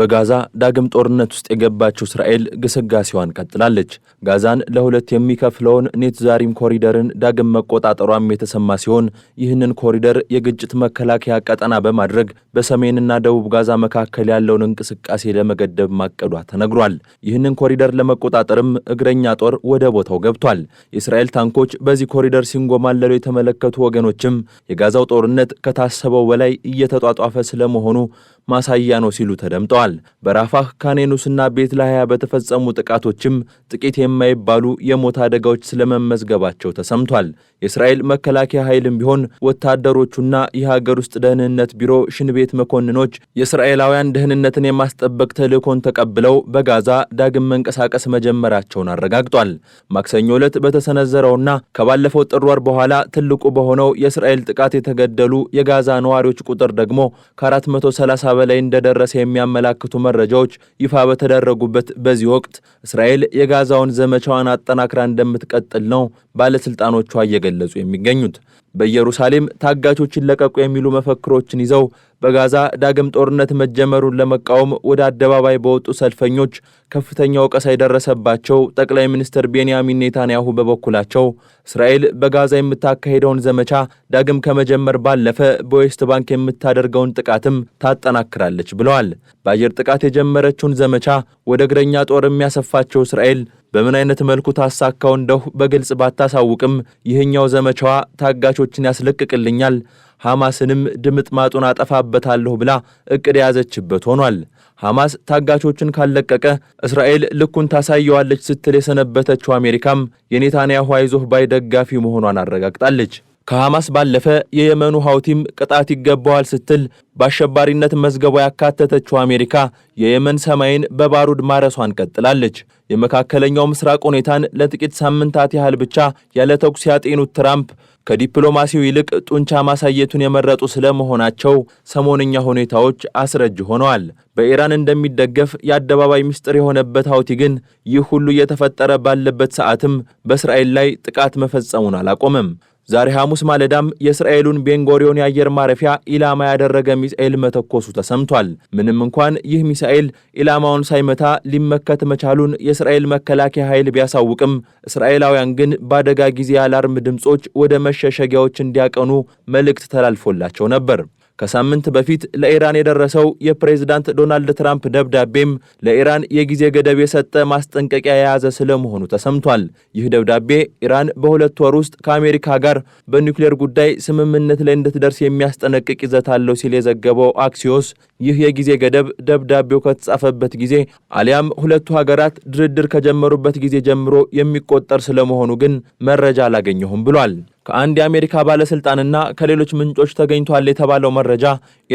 በጋዛ ዳግም ጦርነት ውስጥ የገባችው እስራኤል ግስጋሴዋን ቀጥላለች። ጋዛን ለሁለት የሚከፍለውን ኔትዛሪም ኮሪደርን ዳግም መቆጣጠሯም የተሰማ ሲሆን ይህንን ኮሪደር የግጭት መከላከያ ቀጠና በማድረግ በሰሜንና ደቡብ ጋዛ መካከል ያለውን እንቅስቃሴ ለመገደብ ማቀዷ ተነግሯል። ይህንን ኮሪደር ለመቆጣጠርም እግረኛ ጦር ወደ ቦታው ገብቷል። የእስራኤል ታንኮች በዚህ ኮሪደር ሲንጎማለሉ የተመለከቱ ወገኖችም የጋዛው ጦርነት ከታሰበው በላይ እየተጧጧፈ ስለመሆኑ ማሳያ ነው ሲሉ ተደምጠዋል። ገልጸዋል። በራፋህ ካኔኑስና ቤት ላህያ በተፈጸሙ ጥቃቶችም ጥቂት የማይባሉ የሞት አደጋዎች ስለመመዝገባቸው ተሰምቷል። የእስራኤል መከላከያ ኃይልም ቢሆን ወታደሮቹና የሀገር ውስጥ ደህንነት ቢሮ ሽንቤት መኮንኖች የእስራኤላውያን ደህንነትን የማስጠበቅ ተልእኮን ተቀብለው በጋዛ ዳግም መንቀሳቀስ መጀመራቸውን አረጋግጧል። ማክሰኞ ዕለት በተሰነዘረውና ከባለፈው ጥር ወር በኋላ ትልቁ በሆነው የእስራኤል ጥቃት የተገደሉ የጋዛ ነዋሪዎች ቁጥር ደግሞ ከ430 በላይ እንደደረሰ የሚያመላ የሚያመላክቱ መረጃዎች ይፋ በተደረጉበት በዚህ ወቅት እስራኤል የጋዛውን ዘመቻዋን አጠናክራ እንደምትቀጥል ነው ባለስልጣኖቿ እየገለጹ የሚገኙት። በኢየሩሳሌም ታጋቾችን ለቀቁ የሚሉ መፈክሮችን ይዘው በጋዛ ዳግም ጦርነት መጀመሩን ለመቃወም ወደ አደባባይ በወጡ ሰልፈኞች ከፍተኛ ወቀሳ የደረሰባቸው ጠቅላይ ሚኒስትር ቤንያሚን ኔታንያሁ በበኩላቸው እስራኤል በጋዛ የምታካሄደውን ዘመቻ ዳግም ከመጀመር ባለፈ በዌስት ባንክ የምታደርገውን ጥቃትም ታጠናክራለች ብለዋል። በአየር ጥቃት የጀመረችውን ዘመቻ ወደ እግረኛ ጦር የሚያሰፋቸው እስራኤል በምን አይነት መልኩ ታሳካው እንደሁ በግልጽ ባታሳውቅም ይህኛው ዘመቻዋ ታጋቾችን ያስለቅቅልኛል፣ ሐማስንም ድምጥማጡን አጠፋበታለሁ ብላ እቅድ የያዘችበት ሆኗል። ሐማስ ታጋቾችን ካለቀቀ እስራኤል ልኩን ታሳየዋለች ስትል የሰነበተችው አሜሪካም የኔታንያሁ አይዞህ ባይ ደጋፊ መሆኗን አረጋግጣለች። ከሐማስ ባለፈ የየመኑ ሐውቲም ቅጣት ይገባዋል ስትል በአሸባሪነት መዝገቧ ያካተተችው አሜሪካ የየመን ሰማይን በባሩድ ማረሷን ቀጥላለች። የመካከለኛው ምስራቅ ሁኔታን ለጥቂት ሳምንታት ያህል ብቻ ያለ ተኩስ ያጤኑት ትራምፕ ከዲፕሎማሲው ይልቅ ጡንቻ ማሳየቱን የመረጡ ስለመሆናቸው ሰሞንኛ ሁኔታዎች አስረጅ ሆነዋል። በኢራን እንደሚደገፍ የአደባባይ ምስጢር የሆነበት ሐውቲ ግን ይህ ሁሉ እየተፈጠረ ባለበት ሰዓትም በእስራኤል ላይ ጥቃት መፈጸሙን አላቆመም። ዛሬ ሐሙስ ማለዳም የእስራኤሉን ቤንጎሪዮን የአየር ማረፊያ ኢላማ ያደረገ ሚሳኤል መተኮሱ ተሰምቷል። ምንም እንኳን ይህ ሚሳኤል ኢላማውን ሳይመታ ሊመከት መቻሉን የእስራኤል መከላከያ ኃይል ቢያሳውቅም እስራኤላውያን ግን በአደጋ ጊዜ የአላርም ድምፆች ወደ መሸሸጊያዎች እንዲያቀኑ መልእክት ተላልፎላቸው ነበር። ከሳምንት በፊት ለኢራን የደረሰው የፕሬዝዳንት ዶናልድ ትራምፕ ደብዳቤም ለኢራን የጊዜ ገደብ የሰጠ ማስጠንቀቂያ የያዘ ስለመሆኑ ተሰምቷል። ይህ ደብዳቤ ኢራን በሁለት ወር ውስጥ ከአሜሪካ ጋር በኒውክሌር ጉዳይ ስምምነት ላይ እንድትደርስ የሚያስጠነቅቅ ይዘት አለው ሲል የዘገበው አክሲዮስ ይህ የጊዜ ገደብ ደብዳቤው ከተጻፈበት ጊዜ አሊያም ሁለቱ ሀገራት ድርድር ከጀመሩበት ጊዜ ጀምሮ የሚቆጠር ስለመሆኑ ግን መረጃ አላገኘሁም ብሏል። ከአንድ የአሜሪካ ባለስልጣንና ከሌሎች ምንጮች ተገኝቷል የተባለው መረጃ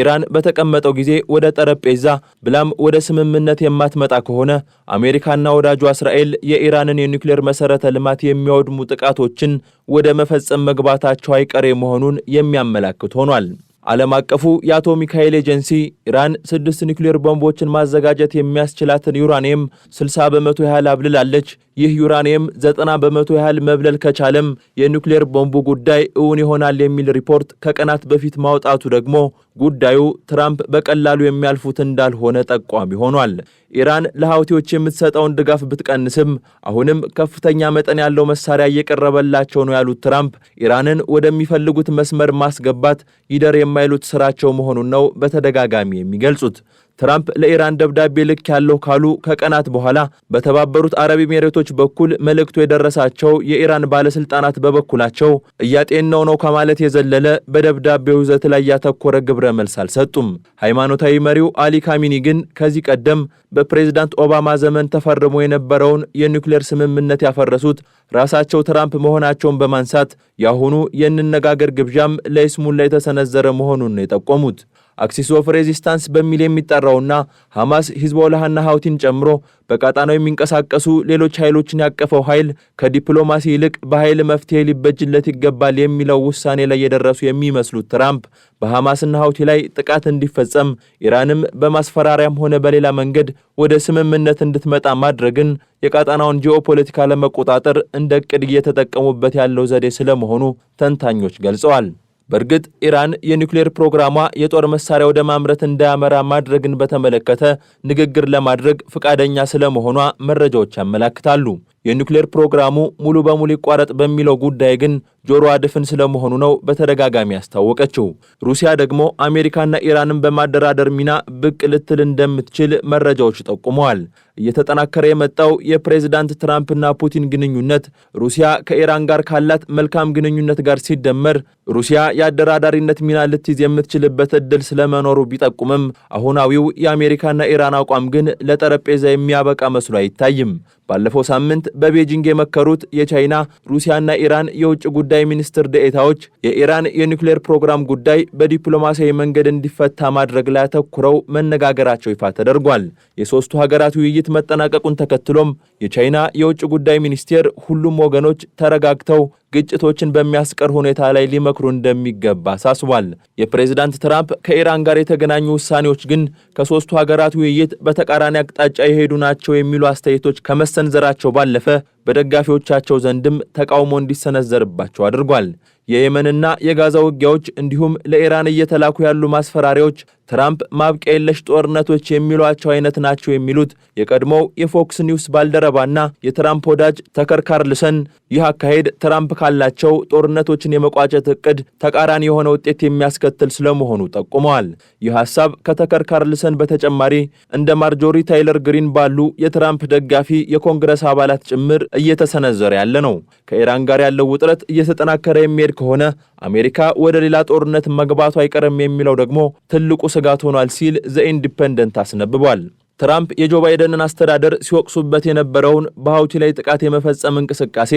ኢራን በተቀመጠው ጊዜ ወደ ጠረጴዛ ብላም ወደ ስምምነት የማትመጣ ከሆነ አሜሪካና ወዳጇ እስራኤል የኢራንን የኒውክሌር መሰረተ ልማት የሚያወድሙ ጥቃቶችን ወደ መፈጸም መግባታቸው አይቀሬ መሆኑን የሚያመላክት ሆኗል። ዓለም አቀፉ የአቶ ሚካኤል ኤጀንሲ ኢራን ስድስት ኒውክሌር ቦምቦችን ማዘጋጀት የሚያስችላትን ዩራኒየም 60 በመቶ ያህል አብልላለች። ይህ ዩራኒየም 90 በመቶ ያህል መብለል ከቻለም የኒውክሌር ቦምቡ ጉዳይ እውን ይሆናል የሚል ሪፖርት ከቀናት በፊት ማውጣቱ ደግሞ ጉዳዩ ትራምፕ በቀላሉ የሚያልፉት እንዳልሆነ ጠቋሚ ሆኗል። ኢራን ለሀውቲዎች የምትሰጠውን ድጋፍ ብትቀንስም አሁንም ከፍተኛ መጠን ያለው መሳሪያ እየቀረበላቸው ነው ያሉት ትራምፕ ኢራንን ወደሚፈልጉት መስመር ማስገባት ይደር የማይሉት ስራቸው መሆኑን ነው በተደጋጋሚ የሚገልጹት። ትራምፕ ለኢራን ደብዳቤ ልክ ያለው ካሉ ከቀናት በኋላ በተባበሩት አረብ ኤሚሬቶች በኩል መልእክቱ የደረሳቸው የኢራን ባለስልጣናት በበኩላቸው እያጤናው ነው ከማለት የዘለለ በደብዳቤው ይዘት ላይ ያተኮረ ግብረ መልስ አልሰጡም። ሃይማኖታዊ መሪው አሊ ካሚኒ ግን ከዚህ ቀደም በፕሬዝዳንት ኦባማ ዘመን ተፈርሞ የነበረውን የኒውክሌር ስምምነት ያፈረሱት ራሳቸው ትራምፕ መሆናቸውን በማንሳት የአሁኑ የእንነጋገር ግብዣም ለይስሙላ የተሰነዘረ መሆኑን ነው የጠቆሙት። አክሲስ ኦፍ ሬዚስታንስ በሚል የሚጠራውና ሐማስ ሂዝቦላህና ሐውቲን ጨምሮ በቀጣናው የሚንቀሳቀሱ ሌሎች ኃይሎችን ያቀፈው ኃይል ከዲፕሎማሲ ይልቅ በኃይል መፍትሄ ሊበጅለት ይገባል የሚለው ውሳኔ ላይ የደረሱ የሚመስሉት ትራምፕ በሐማስና ሐውቲ ላይ ጥቃት እንዲፈጸም ኢራንም በማስፈራሪያም ሆነ በሌላ መንገድ ወደ ስምምነት እንድትመጣ ማድረግን የቀጣናውን ጂኦፖለቲካ ለመቆጣጠር እንደ ዕቅድ እየተጠቀሙበት ያለው ዘዴ ስለመሆኑ ተንታኞች ገልጸዋል። በእርግጥ ኢራን የኒውክሌር ፕሮግራሟ የጦር መሳሪያ ወደ ማምረት እንዳያመራ ማድረግን በተመለከተ ንግግር ለማድረግ ፈቃደኛ ስለመሆኗ መረጃዎች ያመላክታሉ። የኒውክሌር ፕሮግራሙ ሙሉ በሙሉ ይቋረጥ በሚለው ጉዳይ ግን ጆሮ ድፍን ስለመሆኑ ነው በተደጋጋሚ ያስታወቀችው። ሩሲያ ደግሞ አሜሪካና ኢራንን በማደራደር ሚና ብቅ ልትል እንደምትችል መረጃዎች ጠቁመዋል። እየተጠናከረ የመጣው የፕሬዝዳንት ትራምፕና ፑቲን ግንኙነት ሩሲያ ከኢራን ጋር ካላት መልካም ግንኙነት ጋር ሲደመር ሩሲያ የአደራዳሪነት ሚና ልትይዝ የምትችልበት እድል ስለመኖሩ ቢጠቁምም አሁናዊው የአሜሪካና ኢራን አቋም ግን ለጠረጴዛ የሚያበቃ መስሎ አይታይም። ባለፈው ሳምንት በቤጂንግ የመከሩት የቻይና ሩሲያና ኢራን የውጭ ጉዳይ ሚኒስትር ደኤታዎች የኢራን የኒውክሌር ፕሮግራም ጉዳይ በዲፕሎማሲያዊ መንገድ እንዲፈታ ማድረግ ላይ አተኩረው መነጋገራቸው ይፋ ተደርጓል። የሦስቱ ሀገራት ውይይት መጠናቀቁን ተከትሎም የቻይና የውጭ ጉዳይ ሚኒስቴር ሁሉም ወገኖች ተረጋግተው ግጭቶችን በሚያስቀር ሁኔታ ላይ ሊመክሩ እንደሚገባ አሳስቧል። የፕሬዚዳንት ትራምፕ ከኢራን ጋር የተገናኙ ውሳኔዎች ግን ከሦስቱ ሀገራት ውይይት በተቃራኒ አቅጣጫ የሄዱ ናቸው የሚሉ አስተያየቶች ከመሰንዘራቸው ባለፈ በደጋፊዎቻቸው ዘንድም ተቃውሞ እንዲሰነዘርባቸው አድርጓል። የየመንና የጋዛ ውጊያዎች እንዲሁም ለኢራን እየተላኩ ያሉ ማስፈራሪያዎች ትራምፕ ማብቂያ የለሽ ጦርነቶች የሚሏቸው አይነት ናቸው የሚሉት የቀድሞው የፎክስ ኒውስ ባልደረባና የትራምፕ ወዳጅ ተከር ካርልሰን ይህ አካሄድ ትራምፕ ካላቸው ጦርነቶችን የመቋጨት እቅድ ተቃራኒ የሆነ ውጤት የሚያስከትል ስለመሆኑ ጠቁመዋል። ይህ ሀሳብ ከተከር ካርልሰን በተጨማሪ እንደ ማርጆሪ ታይለር ግሪን ባሉ የትራምፕ ደጋፊ የኮንግረስ አባላት ጭምር እየተሰነዘረ ያለ ነው። ከኢራን ጋር ያለው ውጥረት እየተጠናከረ የሚሄድ ከሆነ አሜሪካ ወደ ሌላ ጦርነት መግባቱ አይቀርም የሚለው ደግሞ ትልቁ ስጋት ሆኗል ሲል ዘኢንዲፐንደንት አስነብቧል። ትራምፕ የጆ ባይደንን አስተዳደር ሲወቅሱበት የነበረውን በሀውቲ ላይ ጥቃት የመፈጸም እንቅስቃሴ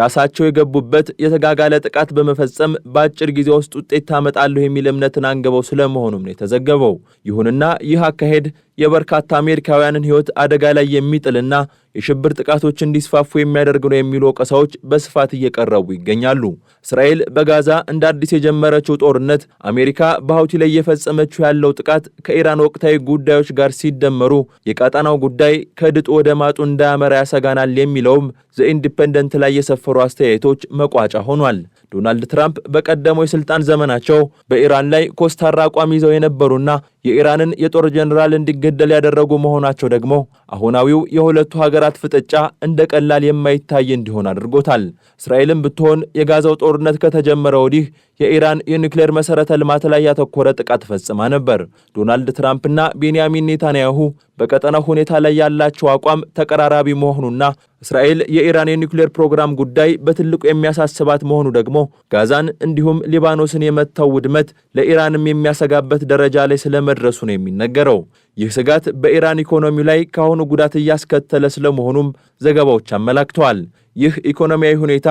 ራሳቸው የገቡበት የተጋጋለ ጥቃት በመፈጸም በአጭር ጊዜ ውስጥ ውጤት ታመጣለሁ የሚል እምነትን አንግበው ስለመሆኑም ነው የተዘገበው። ይሁንና ይህ አካሄድ የበርካታ አሜሪካውያንን ሕይወት አደጋ ላይ የሚጥልና የሽብር ጥቃቶች እንዲስፋፉ የሚያደርግ ነው የሚሉ ወቀሳዎች በስፋት እየቀረቡ ይገኛሉ። እስራኤል በጋዛ እንደ አዲስ የጀመረችው ጦርነት፣ አሜሪካ በሀውቲ ላይ እየፈጸመችው ያለው ጥቃት ከኢራን ወቅታዊ ጉዳዮች ጋር ሲደመሩ የቀጣናው ጉዳይ ከድጡ ወደ ማጡ እንዳያመራ ያሰጋናል የሚለውም ዘኢንዲፐንደንት ላይ የሰፈሩ አስተያየቶች መቋጫ ሆኗል። ዶናልድ ትራምፕ በቀደመው የሥልጣን ዘመናቸው በኢራን ላይ ኮስታራ አቋም ይዘው የነበሩና የኢራንን የጦር ጀኔራል እንዲገደል ያደረጉ መሆናቸው ደግሞ አሁናዊው የሁለቱ ሀገራት ፍጥጫ እንደ ቀላል የማይታይ እንዲሆን አድርጎታል። እስራኤልም ብትሆን የጋዛው ጦርነት ከተጀመረ ወዲህ የኢራን የኒውክሌር መሠረተ ልማት ላይ ያተኮረ ጥቃት ፈጽማ ነበር። ዶናልድ ትራምፕና ቤንያሚን ኔታንያሁ በቀጠናው ሁኔታ ላይ ያላቸው አቋም ተቀራራቢ መሆኑና እስራኤል የኢራን የኒውክሌር ፕሮግራም ጉዳይ በትልቁ የሚያሳስባት መሆኑ ደግሞ ጋዛን እንዲሁም ሊባኖስን የመታው ውድመት ለኢራንም የሚያሰጋበት ደረጃ ላይ ስለመ መድረሱ ነው የሚነገረው። ይህ ስጋት በኢራን ኢኮኖሚ ላይ ከአሁኑ ጉዳት እያስከተለ ስለመሆኑም ዘገባዎች አመላክተዋል። ይህ ኢኮኖሚያዊ ሁኔታ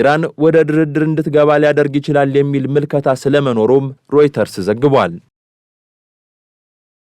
ኢራን ወደ ድርድር እንድትገባ ሊያደርግ ይችላል የሚል ምልከታ ስለመኖሩም ሮይተርስ ዘግቧል።